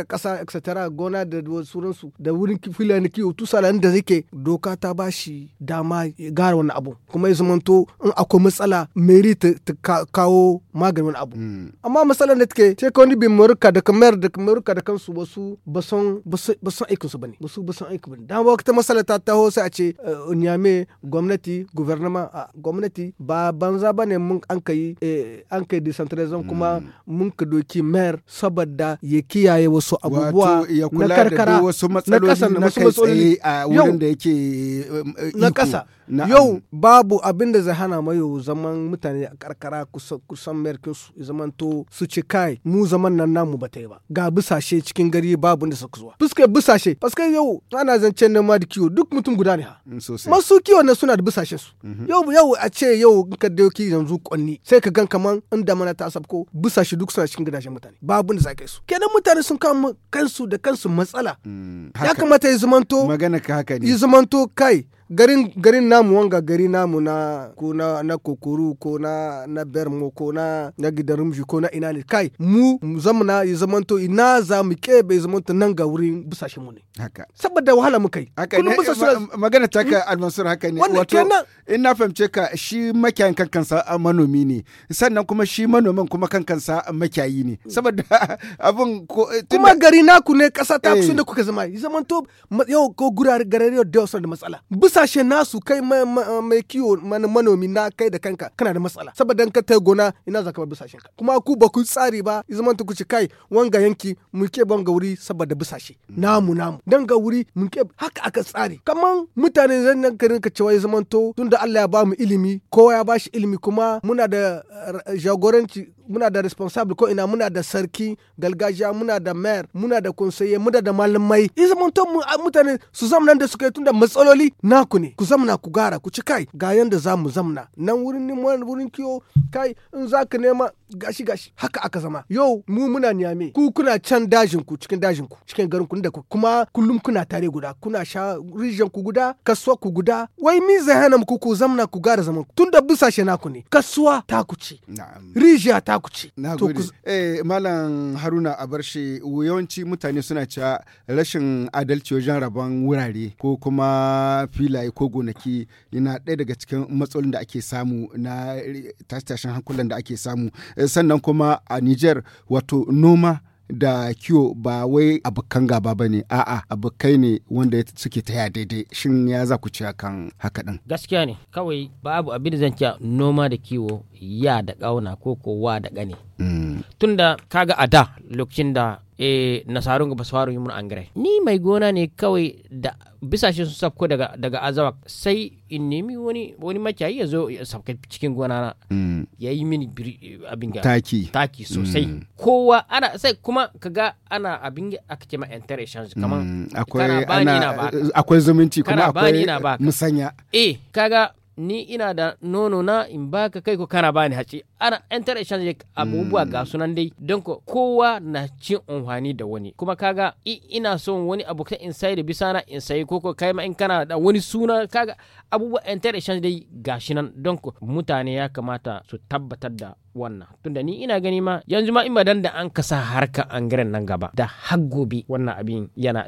eh, kasa etc gona da sauransu da wurin filayen da kiwo tusalan da zike doka ta ba shi dama ya gara wani abu kuma ya zamanto in akwai matsala meri ta kawo maganin wani abu mm. amma matsalar da take ce ka wani bin marurka da kamar da kamar da kansu wasu ba son aikinsu ba ne wasu ba aikin ba ne dama wata matsala ta taho sai a ce eh, nyame gwamnati gouvernement gwamnati ba banza ba ne mun an kai eh, an kai decentralization kuma mm. mun ka doki mayor saboda ya kiyaye wasu abubuwa na karkara na kasa na wasu matsaloli a eh, na kasa yau babu abin da zai hana mayo zaman mutane a karkara kusan merkin su zaman to su ci kai mu zaman nan namu ba yi ba ga bisashe cikin gari babu da su zuwa fuska bisashe paske yau ana zance na da kiwo duk mutum guda ne ha mm, masu kiwo na suna da bisashe su mm-hmm. yau yau a ce yau in ka dauki yanzu kwanni sai ka gan kaman in da mana ta sabko bisashe duk suna cikin gidajen mutane babu da kai su kenan mutane sun kama kansu da kansu matsala mm, ya kamata zaman to magana ka haka ne zaman to kai garin garin namu wanga gari namu na ko na na kokoru ko na na bermo ko na na gidarumji ko na ina ne kai mu zamana ya zamanto ina za mu kebe ya zamanto nan ga wurin busashe mu ne haka saboda wahala mu kai haka ne eh, magana ta ka hmm? almansur haka ne wato in na fahimce ka shi makiyayin kankansa manomi ne sannan kuma shi manomin kuma kankansa makiyayi ne hmm. saboda <laughs> abun ko eh, kuma gari naku ne kasa ta kusa eh. da kuka zama ya zamanto yau ko gurare garare da da matsala kasashe nasu kai mai kiwo manomi na kai da kanka kana da matsala saboda ka ta gona ina za ka bar bisashen ka kuma ku ba ku tsari ba zaman ku ci kai wanga yanki mun ke ban wuri saboda bisashe mm. namu namu dan ga wuri mun ke haka aka tsari kaman mutane zan nan ka rinka cewa zaman to tunda Allah ya bamu ilimi kowa ya ba shi ilimi kuma muna da eh, jagoranci muna da responsable ko ina muna da sarki galgajiya muna da mayor muna da conseiller muna da malamai in zaman to mutane su zamna da suka yi tunda matsaloli naku ne ku zamna ku gara ku ci kai ga yanda za mu zamna nan wurin ne wurin kiwo kai in za ka nema gashi gashi haka aka zama yau mu muna niyame ku kuna can dajin ku cikin dajin ku cikin garin ku da ku kuma kullum kuna tare guda kuna sha rijiyan ku guda kasuwa ku guda wai mi zai hana ku ku zamna ku gara zaman ku tunda busashe naku ne kasuwa ta ku ce rijiya ta ku ce na ku eh malam Haruna Abarshe yawanci mutane suna cewa rashin adalci wajen rabon wurare ko kuma filaye ko gonaki yana ɗaya daga cikin matsalolin da ake samu na tashin hankulan da ake samu Eh, sannan kuma a Nijar wato noma da kiwo ba wai abokan gaba ba ne a'a abokai ne wanda suke taya daidai shin ya za ku ci kan haka din gaskiya ne kawai babu abin da zan ce noma da kiwo ya da ƙauna ko kowa da ƙani mm. tunda kaga a da lokacin da e eh, nasarun ga su yi mun angare ni mai gona ne kawai da shi sun sabko daga daga azawa sai in nemi wani wani makiyayi ya zo ya sabka cikin gona na mm. ya yi mini abin ga taki taki sosai mm. kowa ana sai kuma kaga ana abin ga aka ce ma enter exchange kaman mm. akwai ana akwai zumunci kuma akwai musanya eh kaga ni ina da nono na in baka kai ko kana bani haci ana enter exchange abubuwa mm. ga sunan dai don ko kowa na cin amfani da wani kuma kaga ina son wani abu ka in sai da bisa na in sai ko kai ma in kana da wani suna kaga abubuwa enter exchange dai gashi nan don ko mutane ya kamata su tabbatar da wannan tunda ni ina gani ma yanzu ma in ba dan da an kasa harka angaren nan gaba da har gobe wannan abin yana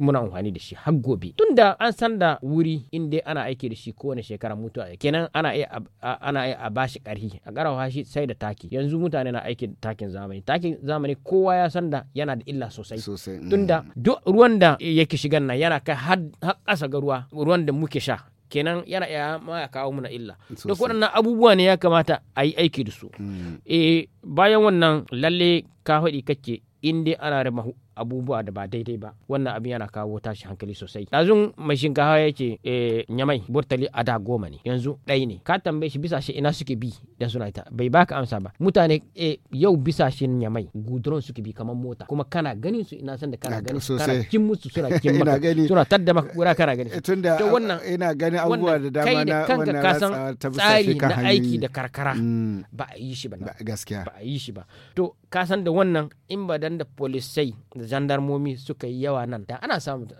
muna amfani da shi har tunda an san da wuri in ana aiki da shi kowane shekara mutuwa kenan ana iya ana iya a bashi karhi a karawa shi sai da taki yanzu mutane na aiki da takin zamani takin zamani kowa ya san da yana da illa sosai mm. tunda duk ruwan da yake shigan nan yana kai har kasa ga ruwa ruwan da muke sha kenan yana ya ma kawo muna illa duk waɗannan abubuwa ne ya kamata a yi aiki da su mm. eh, bayan wannan lalle ka faɗi kake in ana da abubuwa da ba daidai ba wannan abin yana kawo tashi hankali sosai ɗazun mai shinkafa ya ce eh, nyamai burtali ada goma ne yanzu ɗaya ne ka tambaye shi shi ina suke bi dan suna ita bai baka amsa ba mutane eh, yau shi nyamai gudron suke bi kamar mota kuma kana ganin su ina san da kana ganin su kana kin musu suna kin <laughs> maka suna tadda maka gura kana ganin eh, tunda wannan ina ganin abubuwa da dama na wannan ka san tsari na aiki da karkara mm. ba a yi shi ba gaskiya ba a yi shi ba to ka san da wannan in ba dan da polisai gendarmomi suka yi yawa nan da ana samun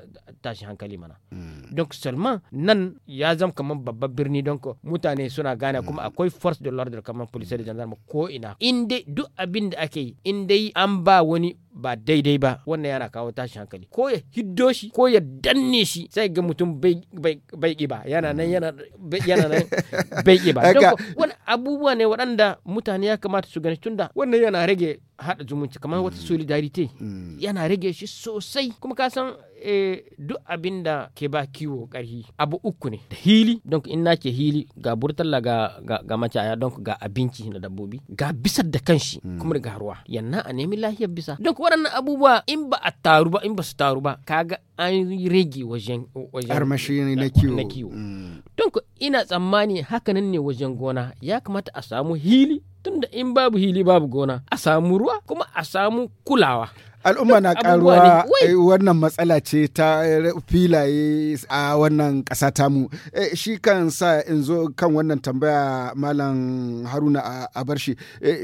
tashi hankali mana mm. donc seulement nan ya zama kamar babban birni donc mutane suna gane kuma mm. akwai force de l'ordre kamar police da gendarme ko ina inde duk abin da ake yi in an ba wani ba daidai ba wannan yana kawo tashin hankali ko ya hiddo shi ko ya danne shi sai ga mutum bai ki ba yana nan yana nan bai ki ba wani abubuwa ne waɗanda mutane ya kamata su gani tunda wannan yana rage haɗa zumunci kamar wata solidarity mm. yana rage shi sosai kuma ka san e duk abin da ke ba kiwo ƙarhi abu uku ne da hili don in na ke hili ga burtalla ga ga, macaya don ga abinci na dabbobi ga bisar da kanshi hmm. kuma da ruwa yanna a nemi lahiyar bisa don waɗannan abubuwa in ba a taru ba in ba su taru ba kaga an rage wajen wajen armashi na kiwo na hmm. ina tsammani hakanan ne wajen gona ya kamata a samu hili tunda in babu hili babu gona a samu ruwa kuma a samu kulawa al'umma na karuwa eh, wannan matsala ce ta eh, filaye a wannan ƙasa tamu eh, shi kan sa in zo kan wannan tambaya malam haruna a bar shi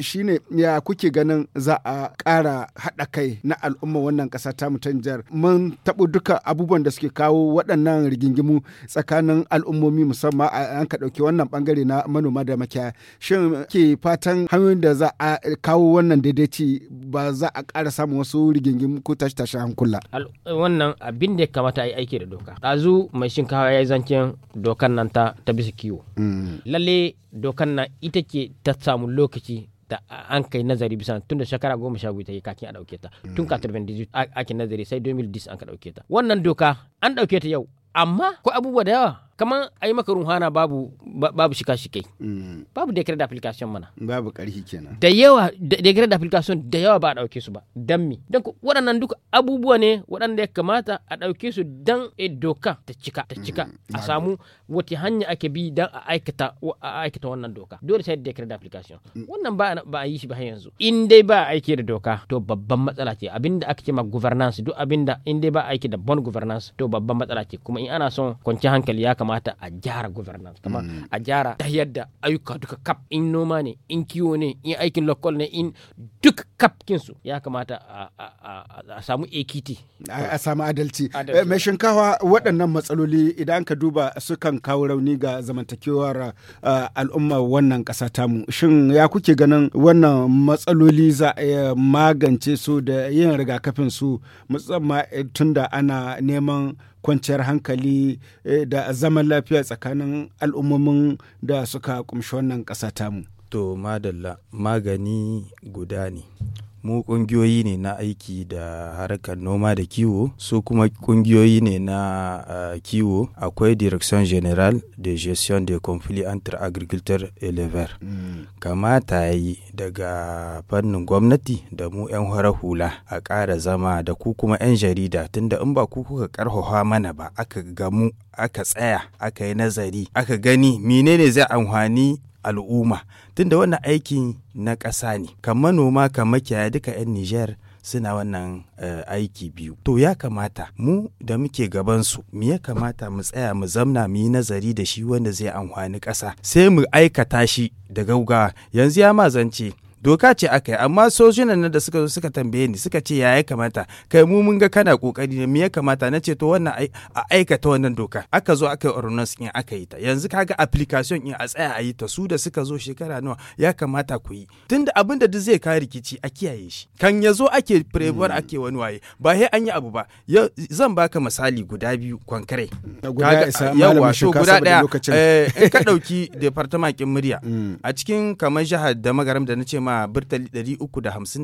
shine ya kuke ganin za a ƙara haɗa kai na al'umma wannan ƙasa tamu ta jihar mun taɓo duka abubuwan da suke kawo waɗannan rigingimu tsakanin al'ummomi musamman an ka ɗauki wannan ɓangare na manoma da makiyaya shin ke fatan hanyoyin da za a kawo wannan daidaici ba za a ƙara samun wasu rigingin ko tashi tashi hankula wannan abin da ya kamata a yi aiki da doka ɗazu mai shinkawa ya yi zancen dokan nan ta ta bisa kiwo mm. lalle dokan nan ita ce ta samu lokaci da an kai nazari bisa tun da shekara goma sha biyu ta yi kakin a ɗauke ta tun 98 mm. ake nazari sai 2010 an ka ɗauke ta wannan doka an ɗauke ta yau amma ko abubuwa da yawa kaman a yi maka ruhana babu babu shika shike mm. babu decret d'application mana babu karhi kenan da yawa decret d'application da yawa ba a dauke su ba dan mi dan waɗannan duka abubuwa ne waɗanda ya kamata a dauke su dan e doka ta cika ta cika mm, a samu wata hanya ake bi dan a aikata a aikata wannan doka dole sai decret d'application mm. wannan ba ba a yi shi ba har yanzu in dai ba aiki da doka to babban matsala ce abinda aka ce ma governance duk abinda in dai ba aiki da bon governance to babban matsala ce kuma in ana son kwanci hankali ya kamata a gyara governance kama mm. a gyara ta yadda ayyuka duka kap in noma ne in kiwo ne in aikin local ne in duk kap kinsu ya kamata a samu ekiti a samu adalci eh, mai shinkawa waɗannan matsaloli idan ka duba sukan kawo rauni ga zamantakewar eh, al'umma wannan ƙasa tamu shin ya kuke ganin wannan matsaloli za a magance su da yin rigakafin su musamman eh, tunda ana neman kwanciyar hankali eh, da zaman lafiya tsakanin al'ummomin da suka kumshi wannan ƙasa tamu. To madalla magani guda ne mu kungiyoyi ne na aiki da harkar noma da kiwo su kuma kungiyoyi ne na kiwo akwai direction general de gestion de conflit entre et lever mm. kamata ya yi daga fannin gwamnati da mu 'yan horar hula a ƙara zama da ku kuma 'yan jarida tunda in ba ku kuka karfafa mana ba aka gamu aka tsaya aka yi nazari aka gani menene zai amfani al'umma tunda wannan aiki na ƙasa ne kan manoma kan makiyaya duka 'yan niger suna wannan uh, aiki biyu to ya kamata mu da muke gabansu mu ya kamata mu tsaya mu zamna mu yi nazari da shi wanda zai amfani ƙasa sai mu aikata shi da gaugawa yanzu ya mazance doka ce aka yi amma sojojin nan da suka zo suka tambaye ni suka ce ya yi kamata kai mu mun ga kana kokari ne me ya kamata na ce to wannan a aikata wannan doka aka zo aka yi ordinance in aka yi ta yanzu kaga application in a tsaya a yi ta su da suka zo shekara nawa ya kamata ku yi tunda abin da duk zai kawo rikici a kiyaye shi kan ya zo ake prevoir hmm. ake wani waye ba sai an yi abu ba zan baka misali guda biyu kwankare yawa so guda daya eh, in ka dauki <laughs> department murya hmm. a cikin kamar jihar da magaram da na ce ma hamsin da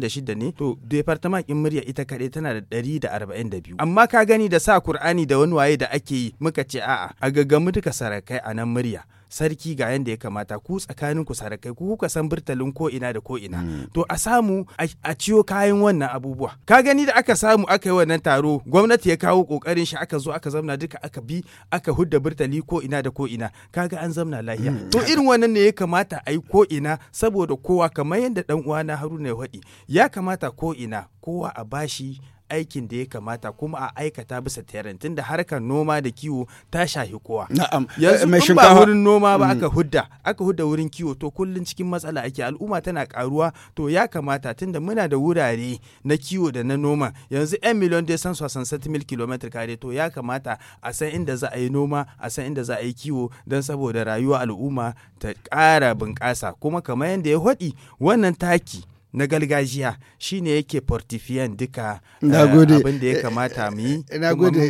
356 ne to departament ɗin murya ita kaɗai tana da 142 amma ka gani da sa qur'ani da wani waye da ake yi muka ce a'a a gaggamu duka sarakai a nan murya sarki ga yanda ya kamata ku tsakanin ku sarakai ku kuka san burtalin ko ina da ko ina hmm. to a samu a ciyo kayan wannan abubuwa ka gani da aka samu aka yi wannan taro gwamnati ya kawo kokarin shi aka zo aka zamna duka aka bi aka hudda birtali ko ina da ko ina kaga an zamna lahiya hmm. to irin wannan ne ya kamata a yi ko ina saboda kowa kamar yadda dan na Haruna ya faɗi ya kamata ko ina kowa a bashi aikin da ya kamata kuma a aikata bisa teren tunda harkar noma da kiwo ta shahi kowa na'am yanzu mai ba wurin noma ba mm. aka hudda aka hudda wurin kiwo to kullum cikin matsala ake al'umma tana karuwa to ya kamata tunda muna da wurare na kiwo da na noma yanzu 'yan miliyan dai san sosan mil kilometer kare to ya kamata a san inda za a yi noma a san inda za a yi kiwo don saboda rayuwa al'umma ta ƙara bunƙasa kuma kamar yadda ya haɗi wannan taki na gargajiya shine yake portifiyan duka eh, abin da ya eh, kamata mu yi eh, na gode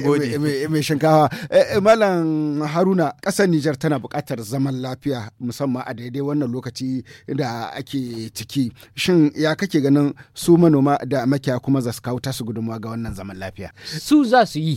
mai shinkawa malam haruna ƙasar nijar tana bukatar zaman lafiya musamman a daidai wannan lokaci da ake ciki shin ya kake ganin su manoma da makiya kuma za su kawo tasu gudunmawa ga wannan zaman lafiya su za su yi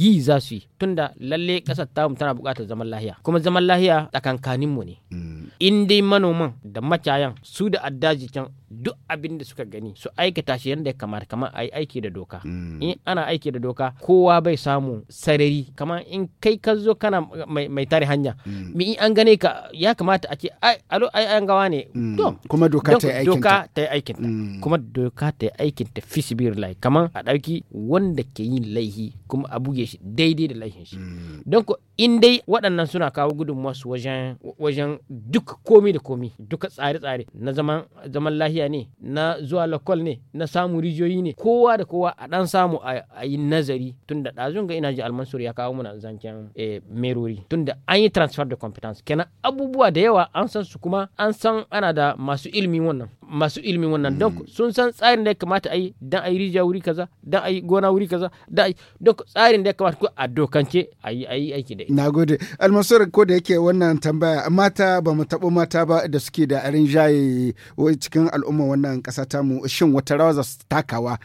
yi za su yi tunda lalle ƙasar tamu tana bukatar zaman lafiya kuma zaman lafiya tsakankaninmu ne mm. in dai manoman da makiyayan su da addaji can duk abin da suka gani su aikata shi yadda ya kamata kamar a yi aiki da doka mm. in ana aiki da doka kowa bai samu sarari kamar in kai ka zo kana mai tare hanya mm. mi in an gane ka ya kamata a ce alo ai an gawa ne mm. kuma doka ta yi aikinta doka ta kuma doka ta yi aikinta fisibir lai kamar a dauki wanda ke yin laihi kuma a buge shi daidai da laihin shi don ko in dai waɗannan suna kawo gudunmuwa su wajen duk komi da komi duka tsare-tsare na zaman zaman lahiya tarbiyya ne na zuwa lokal ne na samu rijiyoyi ne kowa da kowa a dan samu a yi nazari tun da ɗazun ga ina ji almansur ya kawo muna zancen eh, merori tun da an yi transfer da competence kenan abubuwa da yawa an san su kuma an san ana da masu ilimin wannan masu ilimin wannan don hmm. sun san tsarin da ya kamata a yi dan a yi rijiya wuri kaza dan a yi gona wuri kaza dan a yi don tsarin da ya kamata ko a dokance a yi aiki da ita. Nagode. Almasur ko da yake wannan tambaya mata ba mu taɓo mata ba da suke da arin jaye cikin al'umma al'umma wannan ƙasa mu shin wata rawa za su takawa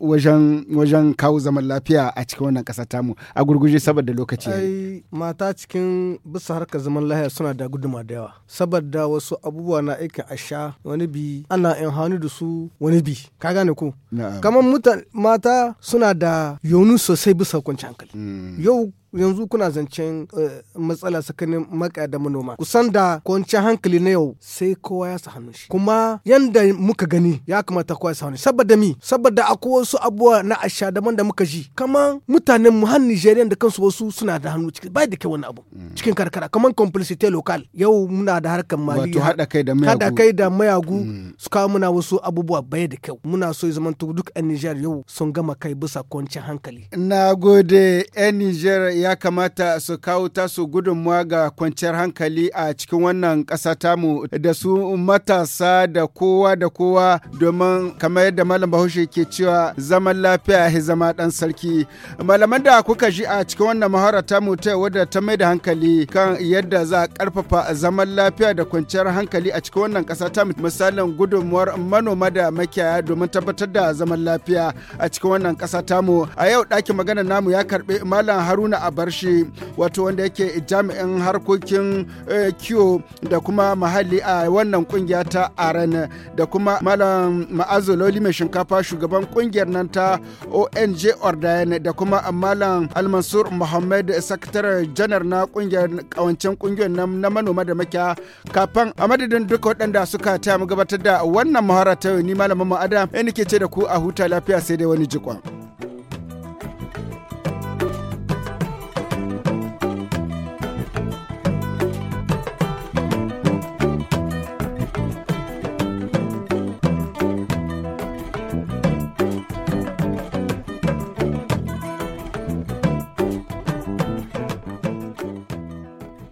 wajen kawo zaman lafiya a cikin wannan ƙasa mu a gurguje saboda lokaci ai mata cikin bisa harkar zaman lafiya suna da guduma da yawa saboda wasu abubuwa na aikin sha wani bi ana in hannu da su wani bi ka gane ko kamar mata suna da yonu sosai bisa kwanci hankali mm. yau yanzu kuna zancen eh, matsala tsakanin maka da manoma kusan da kwanci hankali na yau sai kowa ya sa hannun shi kuma yanda muka gani ya kamata kowa ya sa hannun saboda mi saboda akwai wasu abubuwa na asha daban da muka ji kaman mutanen mu har Nigeria da kansu wasu suna da hannu cikin bai da kyau wani abu mm. cikin karkara kaman complicity local yau muna da harkar mali wato hada kai da mayagu hada kai da mayagu mm. su kawo muna wasu abubuwa bai da kyau muna so ya zamanto duk a Nigeria yau sun gama kai bisa kwanci hankali na gode a Nigeria ya kamata su kawo tasu gudunmuwa ga kwanciyar hankali a cikin wannan ƙasa tamu da su matasa da kowa da kowa domin kamar yadda malam bahaushe ke cewa zaman lafiya ya zama ɗan sarki malaman da kuka ji a cikin wannan mahara tamu ta wadda ta mai da hankali kan yadda za a ƙarfafa zaman lafiya da kwanciyar hankali a cikin wannan ƙasa tamu misalin gudunmuwar manoma da makiyaya domin tabbatar da zaman lafiya a cikin wannan ƙasa tamu a yau ɗakin magana namu ya karɓi malam haruna bar shi wato wanda yake jami'in harkokin eh, kiwo da kuma mahalli a wannan kungiya ta aran da kuma malam ma'azu loli mai shinkafa shugaban kungiyar nan ta ong ordayan da kuma malam almansur muhammad sakataren janar na kungiyar kawancen kungiyar nan na manoma da makiya kafin a madadin duka waɗanda suka taya mu gabatar da wannan muhara ta ni malamin ma'ada ya nake ce da ku a huta lafiya sai dai wani jikon.